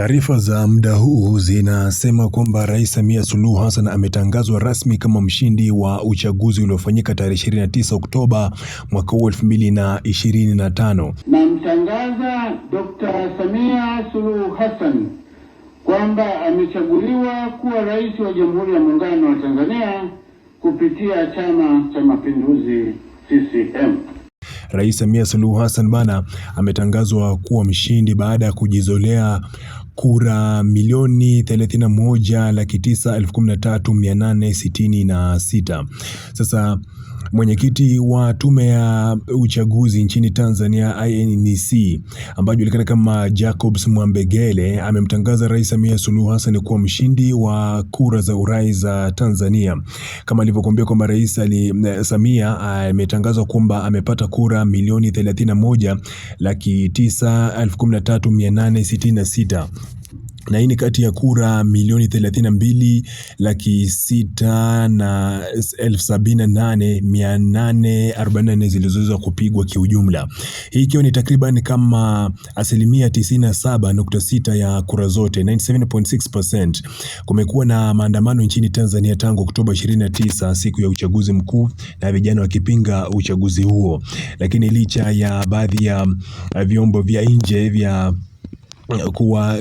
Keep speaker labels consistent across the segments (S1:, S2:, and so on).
S1: Taarifa za muda huu zinasema kwamba Rais Samia Suluhu Hassan ametangazwa rasmi kama mshindi wa uchaguzi uliofanyika tarehe 29 Oktoba mwaka huu 2025.
S2: Namtangaza Dr. Samia Suluhu Hassan kwamba amechaguliwa kuwa rais wa Jamhuri ya Muungano wa Tanzania kupitia Chama cha Mapinduzi CCM.
S1: Rais Samia Suluhu Hassan bana ametangazwa kuwa mshindi baada ya kujizolea kura milioni 31 laki 9 elfu kumi mia nane sitini na sita. Sasa Mwenyekiti wa tume ya uchaguzi nchini Tanzania INEC ambaye anajulikana kama Jacobs Mwambegele amemtangaza Rais Samia Suluhu Hassan kuwa mshindi wa kura za urais za Tanzania. Kama alivyokuambia kwamba Rais ali, eh, Samia ametangazwa kwamba amepata kura milioni 31 laki 9 elfu 13 mia 866 na hii ni kati ya kura milioni 32 laki sita na elfu sabini na nane mia nane arobaini na nne zilizoweza kupigwa kiujumla, hii ikiwa ni takriban kama asilimia 97.6 ya kura zote 97.6%. Kumekuwa na maandamano nchini Tanzania tangu Oktoba 29, siku ya uchaguzi mkuu, na vijana wakipinga uchaguzi huo, lakini licha ya baadhi ya vyombo vya nje vya Eh,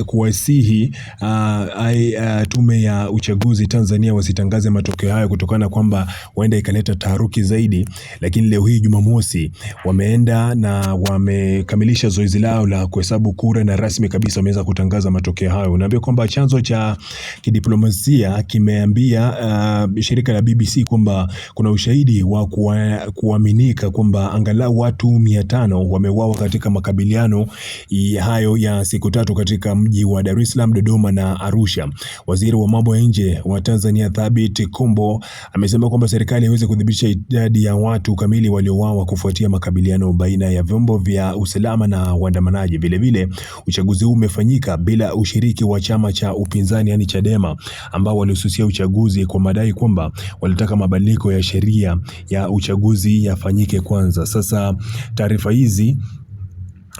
S1: kuwasihi uh, tume ya uchaguzi Tanzania wasitangaze matokeo hayo kutokana kwamba huenda ikaleta taharuki zaidi. Lakini leo hii Jumamosi wameenda na wamekamilisha zoezi lao la kuhesabu kura na rasmi kabisa wameweza kutangaza matokeo hayo. Unaambia kwamba chanzo cha kidiplomasia kimeambia uh, shirika la BBC kwamba kuna ushahidi wa kuaminika kwamba angalau watu mia tano wameuawa katika makabiliano hayo ya siku tatu katika mji wa Dar es Salaam, Dodoma na Arusha. Waziri wa mambo ya nje wa Tanzania Thabit Kombo amesema kwamba serikali haiwezi kudhibitisha idadi ya watu kamili waliouawa kufuatia makabiliano baina ya vyombo vya usalama na waandamanaji. Vilevile, uchaguzi huu umefanyika bila ushiriki wa chama cha upinzani yani Chadema, ambao walihususia uchaguzi kwa madai kwamba walitaka mabadiliko ya sheria ya uchaguzi yafanyike kwanza. Sasa taarifa hizi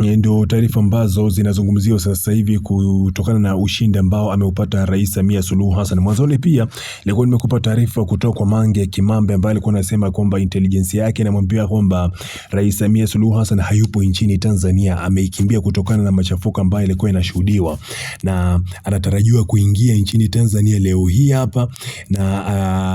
S1: Eh, ndio taarifa ambazo zinazungumziwa sasa hivi kutokana na ushindi ambao ameupata Rais Samia Suluhu Hassan. Mwanzoni pia nilikuwa nimekupa taarifa kutoka kwa Mange Kimambe ambaye alikuwa anasema kwamba intelligence yake inamwambia kwamba Rais Samia Suluhu Hassan hayupo nchini Tanzania, ameikimbia kutokana na machafuko ambayo ilikuwa inashuhudiwa na anatarajiwa kuingia nchini Tanzania leo hii hapa na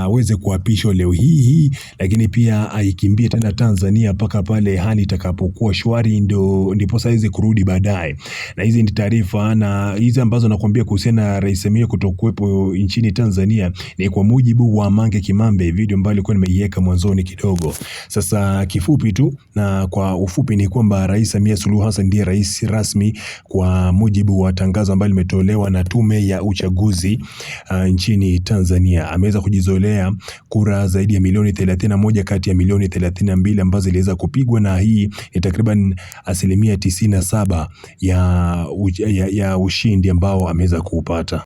S1: aweze kuapishwa leo hii hii, lakini pia aikimbie tena Tanzania mpaka pale hali itakapokuwa shwari, ndio ndipo ndiposa aweze kurudi baadaye. Na hizi ni taarifa na hizi ambazo nakwambia kuhusiana na Rais Samia kutokuwepo nchini Tanzania ni kwa mujibu wa Mange Kimambe, video ambayo ilikuwa nimeiweka mwanzoni kidogo. Sasa kifupi tu na kwa ufupi ni kwamba Rais Samia Suluhu Hassan ndiye rais rasmi kwa mujibu wa tangazo ambalo limetolewa na Tume ya Uchaguzi uh, nchini Tanzania. Ameweza kujizolea kura zaidi ya milioni 31 kati ya milioni 32 ambazo ziliweza kupigwa na hii ni takriban asilimia tisini na saba ya ushindi ambao ameweza kuupata.